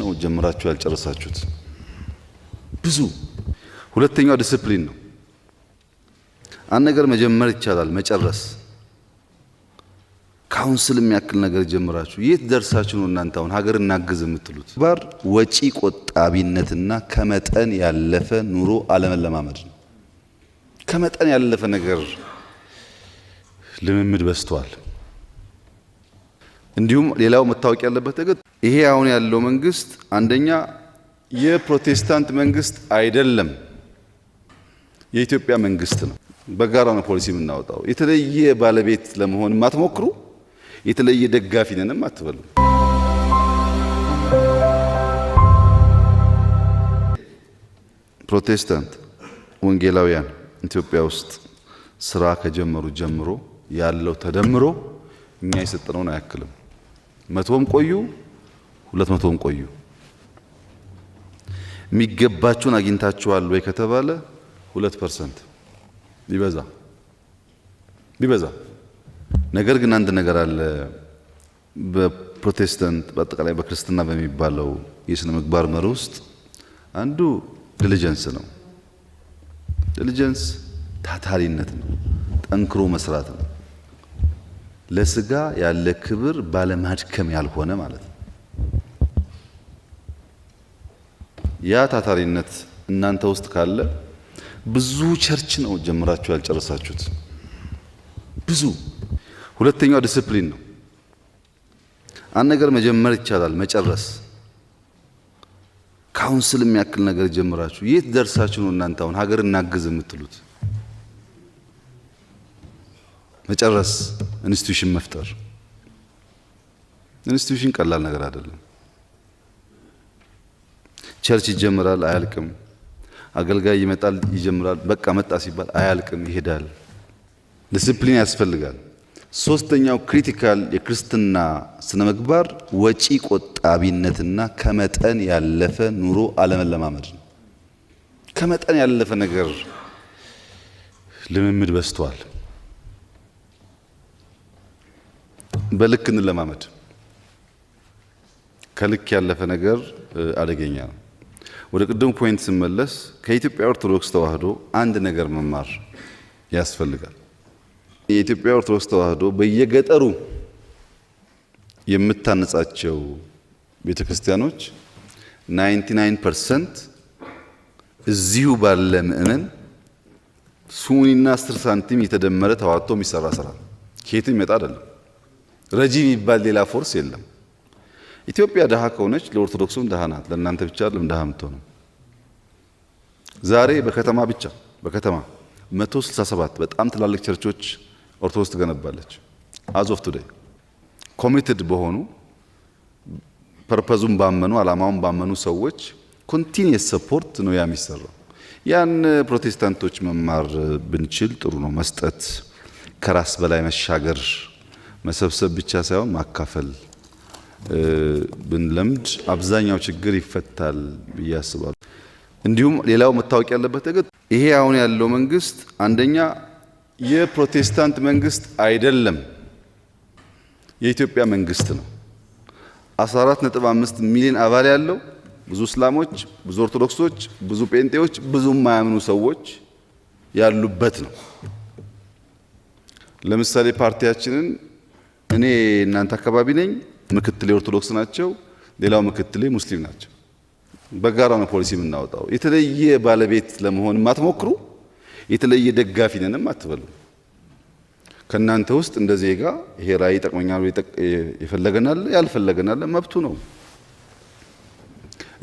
ነው ጀምራችሁ ያልጨረሳችሁት። ብዙ ሁለተኛው ዲስፕሊን ነው። አንድ ነገር መጀመር ይቻላል፣ መጨረስ ካውንስል የሚያክል ነገር ጀምራችሁ የት ደርሳችሁ ነው እናንተ አሁን ሀገር እናግዝ የምትሉት? ባር ወጪ ቆጣቢነትና ከመጠን ያለፈ ኑሮ አለመለማመድ ነው። ከመጠን ያለፈ ነገር ልምምድ በስተዋል። እንዲሁም ሌላው መታወቅ ያለበት ነገር ይሄ አሁን ያለው መንግስት አንደኛ የፕሮቴስታንት መንግስት አይደለም፣ የኢትዮጵያ መንግስት ነው። በጋራ ነው ፖሊሲ የምናወጣው። የተለየ ባለቤት ለመሆን አትሞክሩ፣ የተለየ ደጋፊ ነንም አትበሉ። ፕሮቴስታንት ወንጌላውያን ኢትዮጵያ ውስጥ ስራ ከጀመሩ ጀምሮ ያለው ተደምሮ እኛ የሰጠነውን አያክልም። መቶም ቆዩ ሁለት መቶን ቆዩ። የሚገባችሁን አግኝታችኋል ወይ ከተባለ ሁለት ፐርሰንት ቢበዛ ቢበዛ። ነገር ግን አንድ ነገር አለ። በፕሮቴስታንት በአጠቃላይ በክርስትና በሚባለው የስነ ምግባር መር ውስጥ አንዱ ዲሊጀንስ ነው። ዲሊጀንስ ታታሪነት ነው፣ ጠንክሮ መስራት ነው። ለስጋ ያለ ክብር ባለማድከም ያልሆነ ማለት ነው። ያ ታታሪነት እናንተ ውስጥ ካለ ብዙ ቸርች ነው ጀምራችሁ ያልጨረሳችሁት። ብዙ ሁለተኛው ዲስፕሊን ነው። አንድ ነገር መጀመር ይቻላል፣ መጨረስ ካውንስል የሚያክል ነገር ጀምራችሁ የት ደርሳችሁ ነው እናንተ አሁን ሀገር እናግዝ የምትሉት? መጨረስ፣ ኢንስቲትዩሽን መፍጠር። ኢንስቲትዩሽን ቀላል ነገር አይደለም። ቸርች ይጀምራል፣ አያልቅም። አገልጋይ ይመጣል፣ ይጀምራል፣ በቃ መጣ ሲባል አያልቅም፣ ይሄዳል። ዲስፕሊን ያስፈልጋል። ሶስተኛው ክሪቲካል የክርስትና ስነ ምግባር ወጪ ቆጣቢነትና ከመጠን ያለፈ ኑሮ አለመለማመድ ነው። ከመጠን ያለፈ ነገር ልምምድ በስቷል በልክ እንለማመድ። ከልክ ያለፈ ነገር አደገኛ ነው። ወደ ቅድም ፖይንት ስመለስ ከኢትዮጵያ ኦርቶዶክስ ተዋህዶ አንድ ነገር መማር ያስፈልጋል። የኢትዮጵያ ኦርቶዶክስ ተዋህዶ በየገጠሩ የምታነጻቸው ቤተ ክርስቲያኖች 99 ፐርሰንት እዚሁ ባለ ምእመን ሱኒና አስር ሳንቲም የተደመረ ተዋቶ የሚሰራ ስራ ከየትም ይመጣ አይደለም። ረጂ የሚባል ሌላ ፎርስ የለም። ኢትዮጵያ ድሃ ከሆነች ለኦርቶዶክሱም ድሃ ናት። ለእናንተ ብቻ አይደለም ድሃ የምትሆነው። ዛሬ በከተማ ብቻ በከተማ 167 በጣም ትላልቅ ቸርቾች ኦርቶዶክስ ትገነባለች። አዝ ኦፍ ቱዴይ ኮሚትድ በሆኑ ፐርፐዙን ባመኑ አላማውን ባመኑ ሰዎች ኮንቲኒየስ ሰፖርት ነው ያ የሚሰራው። ያን ፕሮቴስታንቶች መማር ብንችል ጥሩ ነው። መስጠት፣ ከራስ በላይ መሻገር፣ መሰብሰብ ብቻ ሳይሆን ማካፈል ብንለምድ አብዛኛው ችግር ይፈታል ብዬ አስባለሁ። እንዲሁም ሌላው መታወቅ ያለበት ነገር ይሄ አሁን ያለው መንግስት አንደኛ የፕሮቴስታንት መንግስት አይደለም፣ የኢትዮጵያ መንግስት ነው። 14.5 ሚሊዮን አባል ያለው ብዙ እስላሞች፣ ብዙ ኦርቶዶክሶች፣ ብዙ ጴንጤዎች፣ ብዙ የማያምኑ ሰዎች ያሉበት ነው። ለምሳሌ ፓርቲያችንን እኔ እናንተ አካባቢ ነኝ ምክትሌ ኦርቶዶክስ ናቸው፣ ሌላው ምክትሌ ሙስሊም ናቸው። በጋራ ነው ፖሊሲ የምናወጣው። የተለየ ባለቤት ለመሆን አትሞክሩ፣ የተለየ ደጋፊ ነንም አትበሉ። ከእናንተ ውስጥ እንደ ዜጋ ይሄ ራዕይ ይጠቅመኛል የፈለገናል ያልፈለገናል መብቱ ነው።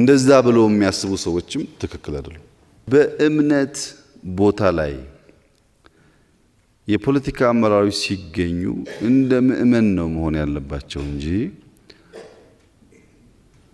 እንደዛ ብሎ የሚያስቡ ሰዎችም ትክክል አይደሉም። በእምነት ቦታ ላይ የፖለቲካ አመራሮች ሲገኙ እንደ ምእመን ነው መሆን ያለባቸው እንጂ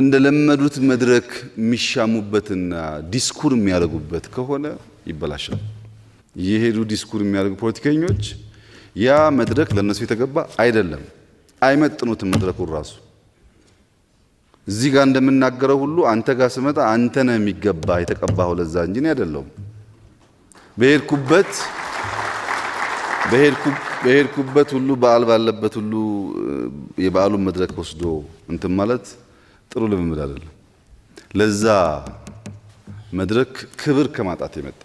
እንደ ለመዱት መድረክ የሚሻሙበትና ዲስኩር የሚያደርጉበት ከሆነ ይበላሻል። የሄዱ ዲስኩር የሚያደርጉ ፖለቲከኞች ያ መድረክ ለእነሱ የተገባ አይደለም። አይመጥኑትም መድረኩን ራሱ። እዚህ ጋር እንደምናገረው ሁሉ አንተ ጋር ስመጣ አንተ ነህ የሚገባ የተቀባኸው ለዛ እንጂ እኔ አይደለሁም በሄድኩበት በሄድኩበት ሁሉ በዓል ባለበት ሁሉ የበዓሉን መድረክ ወስዶ እንትን ማለት ጥሩ ልምምድ አይደለም። ለዛ መድረክ ክብር ከማጣት የመጣ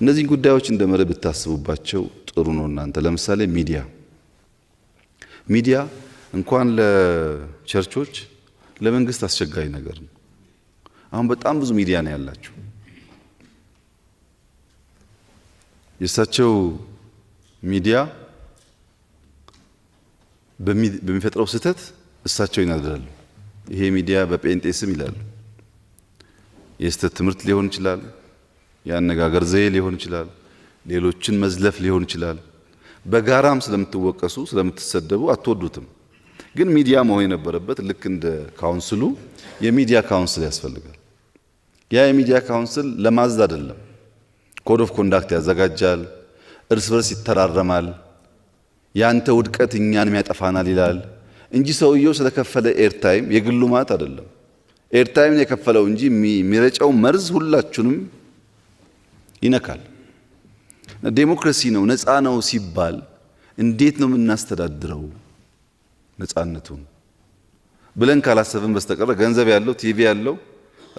እነዚህን ጉዳዮች እንደ መርህ ብታስቡባቸው ጥሩ ነው። እናንተ ለምሳሌ ሚዲያ ሚዲያ እንኳን ለቸርቾች ለመንግስት አስቸጋሪ ነገር ነው። አሁን በጣም ብዙ ሚዲያ ነው ያላችሁ። የእሳቸው ሚዲያ በሚፈጥረው ስህተት እሳቸው ይናደዳሉ። ይሄ ሚዲያ በጴንጤ ስም ይላሉ። የስህተት ትምህርት ሊሆን ይችላል፣ የአነጋገር ዘዬ ሊሆን ይችላል፣ ሌሎችን መዝለፍ ሊሆን ይችላል። በጋራም ስለምትወቀሱ ስለምትሰደቡ አትወዱትም። ግን ሚዲያ መሆን የነበረበት ልክ እንደ ካውንስሉ የሚዲያ ካውንስል ያስፈልጋል። ያ የሚዲያ ካውንስል ለማዝ አይደለም ኮድ ኦፍ ኮንዳክት ያዘጋጃል፣ እርስ በርስ ይተራረማል። ያንተ ውድቀት እኛንም ያጠፋናል ይላል እንጂ ሰውየው ስለከፈለ ኤርታይም የግሉ ማለት አይደለም። ኤርታይምን የከፈለው እንጂ የሚረጨው መርዝ ሁላችንም ይነካል። ዴሞክራሲ ነው ነፃ ነው ሲባል እንዴት ነው የምናስተዳድረው ነፃነቱን ብለን ካላሰብን በስተቀረ ገንዘብ ያለው ቲቪ ያለው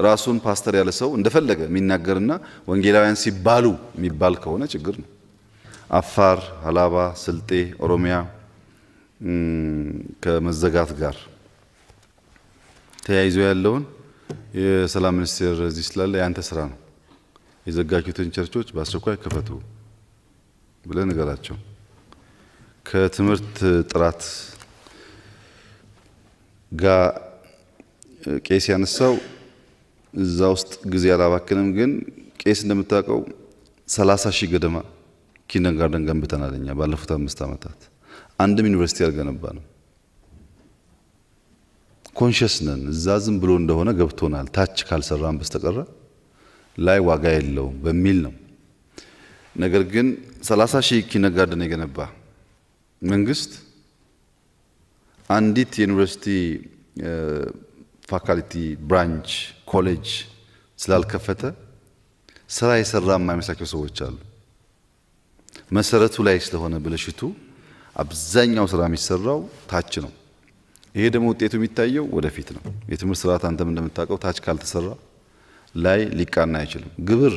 ራሱን ፓስተር ያለ ሰው እንደፈለገ የሚናገርና ወንጌላውያን ሲባሉ የሚባል ከሆነ ችግር ነው። አፋር፣ ሀላባ፣ ስልጤ፣ ኦሮሚያ ከመዘጋት ጋር ተያይዞ ያለውን የሰላም ሚኒስቴር እዚህ ስላለ የአንተ ስራ ነው። የዘጋችሁትን ቸርቾች በአስቸኳይ ክፈቱ ብለህ ንገራቸው። ከትምህርት ጥራት ጋር ቄስ ያነሳው እዛ ውስጥ ጊዜ አላባክንም። ግን ቄስ እንደምታውቀው ሰላሳ ሺህ ገደማ ኪንደን ጋርደን ገንብተናል እኛ ባለፉት አምስት ዓመታት አንድም ዩኒቨርሲቲ አልገነባንም። ኮንሽስ ነን። እዛ ዝም ብሎ እንደሆነ ገብቶናል። ታች ካልሰራን በስተቀረ ላይ ዋጋ የለውም በሚል ነው። ነገር ግን ሰላሳ ሺህ ኪንደር ጋርደን የገነባ መንግስት አንዲት የዩኒቨርሲቲ ፋካልቲ ብራንች ኮሌጅ ስላልከፈተ ስራ የሰራ የማይመስላቸው ሰዎች አሉ። መሰረቱ ላይ ስለሆነ ብልሽቱ አብዛኛው ስራ የሚሰራው ታች ነው። ይሄ ደግሞ ውጤቱ የሚታየው ወደፊት ነው። የትምህርት ስርዓት አንተም እንደምታውቀው ታች ካልተሰራ ላይ ሊቃና አይችልም። ግብር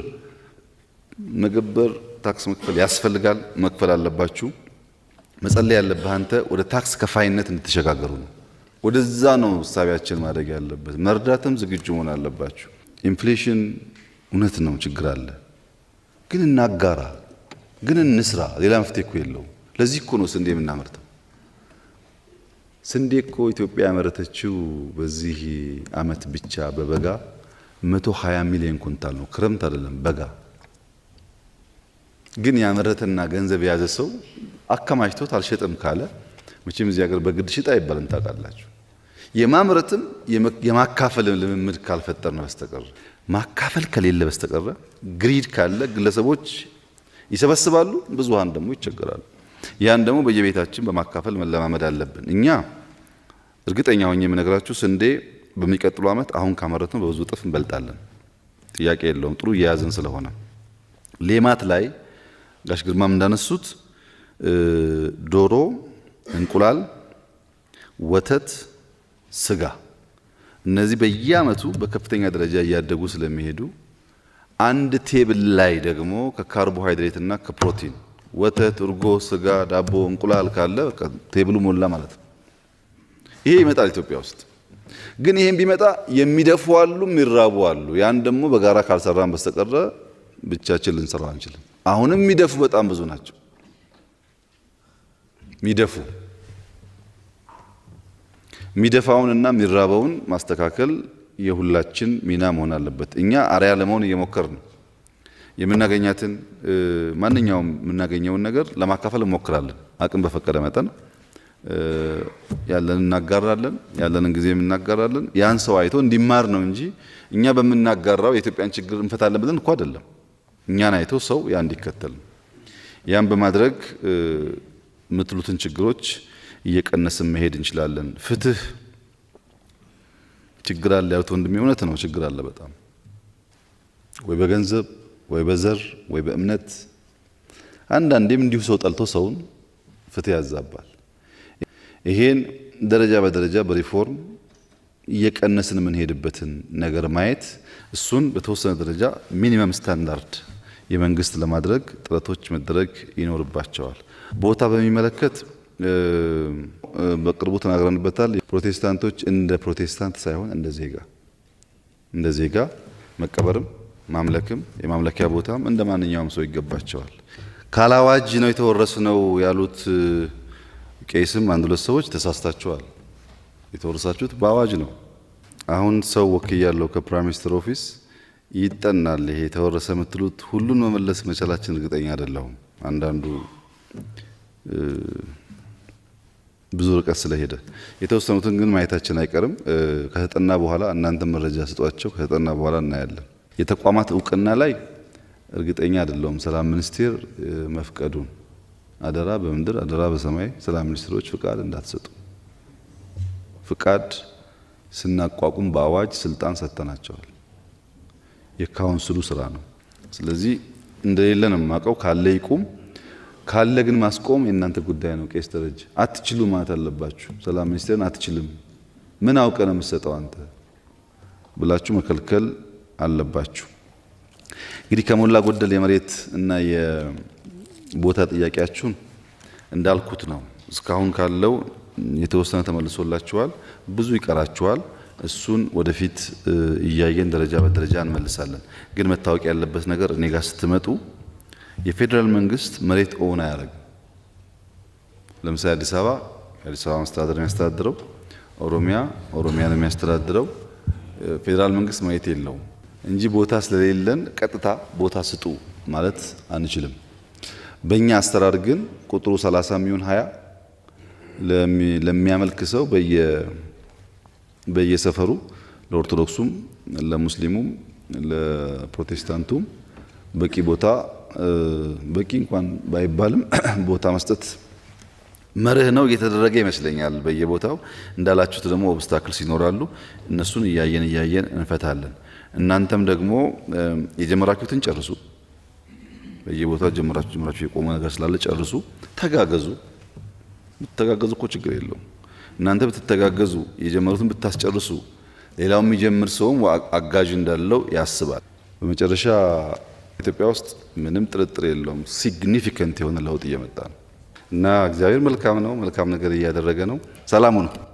መገበር፣ ታክስ መክፈል ያስፈልጋል። መክፈል አለባችሁ። መጸለይ ያለብህ አንተ ወደ ታክስ ከፋይነት እንድትሸጋገሩ ነው። ወደዛ ነው ሳቢያችን ማደግ ያለበት። መርዳትም ዝግጁ መሆን አለባችሁ። ኢንፍሌሽን እውነት ነው፣ ችግር አለ። ግን እናጋራ፣ ግን እንስራ። ሌላ መፍትሄ እኮ የለውም። ለዚህ እኮ ነው ስንዴ የምናመርተው። ስንዴ እኮ ኢትዮጵያ ያመረተችው በዚህ አመት ብቻ በበጋ 120 ሚሊዮን ኩንታል ነው። ክረምት አይደለም በጋ። ግን ያመረተና ገንዘብ የያዘ ሰው አከማችቶት አልሸጥም ካለ መቼም እዚህ ሀገር በግድ ሽጣ አይባልም። ታውቃላችሁ። የማምረትም የማካፈል ልምምድ ካልፈጠር ነው በስተቀረ ማካፈል ከሌለ በስተቀረ ግሪድ ካለ ግለሰቦች ይሰበስባሉ፣ ብዙሃን ደግሞ ይቸገራሉ። ያን ደግሞ በየቤታችን በማካፈል መለማመድ አለብን። እኛ እርግጠኛ ሆኜ የምነግራችሁ ስንዴ በሚቀጥሉ ዓመት አሁን ካመረት ነው በብዙ እጥፍ እንበልጣለን። ጥያቄ የለውም። ጥሩ እየያዝን ስለሆነ ሌማት ላይ ጋሽ ግርማም እንዳነሱት ዶሮ፣ እንቁላል፣ ወተት ስጋ እነዚህ በየአመቱ በከፍተኛ ደረጃ እያደጉ ስለሚሄዱ አንድ ቴብል ላይ ደግሞ ከካርቦሃይድሬት እና ከፕሮቲን ወተት፣ እርጎ፣ ስጋ፣ ዳቦ፣ እንቁላል ካለ ቴብሉ ሞላ ማለት ነው። ይሄ ይመጣል ኢትዮጵያ ውስጥ ግን ይሄን ቢመጣ የሚደፉ አሉ፣ የሚራቡ አሉ። ያን ደግሞ በጋራ ካልሰራን በስተቀረ ብቻችን ልንሰራው አንችልም። አሁንም የሚደፉ በጣም ብዙ ናቸው የሚደፉ የሚደፋውንና የሚራበውን ማስተካከል የሁላችን ሚና መሆን አለበት። እኛ አርያ ለመሆን እየሞከር ነው። የምናገኛትን ማንኛውም የምናገኘውን ነገር ለማካፈል እንሞክራለን። አቅም በፈቀደ መጠን ያለን እናጋራለን፣ ያለንን ጊዜ እናጋራለን። ያን ሰው አይቶ እንዲማር ነው እንጂ እኛ በምናጋራው የኢትዮጵያን ችግር እንፈታለን ብለን እኮ አይደለም። እኛን አይቶ ሰው ያ እንዲከተል ያን በማድረግ ምትሉትን ችግሮች እየቀነስን መሄድ እንችላለን። ፍትህ ችግር አለ ያሉት ወንድሜ እውነት ነው። ችግር አለ በጣም ወይ በገንዘብ ወይ በዘር ወይ በእምነት አንዳንዴም እንዲሁ ሰው ጠልቶ ሰውን ፍትህ ያዛባል። ይሄን ደረጃ በደረጃ በሪፎርም እየቀነስን የምንሄድበትን ነገር ማየት እሱን በተወሰነ ደረጃ ሚኒመም ስታንዳርድ የመንግስት ለማድረግ ጥረቶች መደረግ ይኖርባቸዋል። ቦታ በሚመለከት በቅርቡ ተናግረንበታል። ፕሮቴስታንቶች እንደ ፕሮቴስታንት ሳይሆን እንደ ዜጋ እንደ ዜጋ መቀበርም ማምለክም የማምለኪያ ቦታም እንደ ማንኛውም ሰው ይገባቸዋል። ካላዋጅ ነው ነው ያሉት ቄስም አንድ ሁለት ሰዎች ተሳስታችኋል። የተወረሳችሁት በአዋጅ ነው። አሁን ሰው ወክያለሁ ከፕራይም ሚኒስትር ኦፊስ ይጠናል። ይሄ የተወረሰ የምትሉት ሁሉን መመለስ መቻላችን እርግጠኛ አይደለሁም። አንዳንዱ ብዙ ርቀት ስለሄደ የተወሰኑትን ግን ማየታችን አይቀርም። ከተጠና በኋላ እናንተ መረጃ ስጧቸው፣ ከተጠና በኋላ እናያለን። የተቋማት እውቅና ላይ እርግጠኛ አይደለሁም። ሰላም ሚኒስቴር መፍቀዱን አደራ በምድር አደራ በሰማይ ሰላም ሚኒስትሮች ፍቃድ እንዳትሰጡ። ፍቃድ ስናቋቁም በአዋጅ ስልጣን ሰጥተናቸዋል። የካውንስሉ ስራ ነው። ስለዚህ እንደሌለን ነው የማውቀው። ካለ ይቁም። ካለ ግን ማስቆም የእናንተ ጉዳይ ነው። ቄስ ደረጀ አትችሉ ማለት አለባችሁ። ሰላም ሚኒስቴርን አትችልም ምን አውቀ ነው የምትሰጠው አንተ ብላችሁ መከልከል አለባችሁ። እንግዲህ ከሞላ ጎደል የመሬት እና የቦታ ጥያቄያችሁን እንዳልኩት ነው። እስካሁን ካለው የተወሰነ ተመልሶላችኋል፣ ብዙ ይቀራችኋል። እሱን ወደፊት እያየን ደረጃ በደረጃ እንመልሳለን። ግን መታወቅ ያለበት ነገር እኔ ጋር ስትመጡ የፌዴራል መንግስት መሬት ኦውን አያደርግም። ለምሳሌ አዲስ አበባ አዲስ አበባ መስተዳደር የሚያስተዳድረው፣ ኦሮሚያ ኦሮሚያ የሚያስተዳድረው። ፌዴራል መንግስት መሬት የለውም እንጂ ቦታ ስለሌለን ቀጥታ ቦታ ስጡ ማለት አንችልም። በእኛ አሰራር ግን ቁጥሩ 30 የሚሆን 20 ለሚያመልክ ሰው በየሰፈሩ ለኦርቶዶክሱም፣ ለሙስሊሙም፣ ለፕሮቴስታንቱም በቂ ቦታ በቂ እንኳን ባይባልም ቦታ መስጠት መርህ ነው፣ እየተደረገ ይመስለኛል በየቦታው እንዳላችሁት። ደግሞ ኦብስታክልስ ይኖራሉ፣ እነሱን እያየን እያየን እንፈታለን። እናንተም ደግሞ የጀመራችሁትን ጨርሱ። በየቦታው ጀመራችሁ ጀመራችሁ የቆመ ነገር ስላለ ጨርሱ፣ ተጋገዙ። ብትተጋገዙ እኮ ችግር የለውም። እናንተ ብትተጋገዙ የጀመሩትን ብታስጨርሱ ሌላው የሚጀምር ሰውም አጋዥ እንዳለው ያስባል። በመጨረሻ ኢትዮጵያ ውስጥ ምንም ጥርጥር የለውም ሲግኒፊከንት የሆነ ለውጥ እየመጣ ነው እና እግዚአብሔር መልካም ነው። መልካም ነገር እያደረገ ነው። ሰላሙ ነው።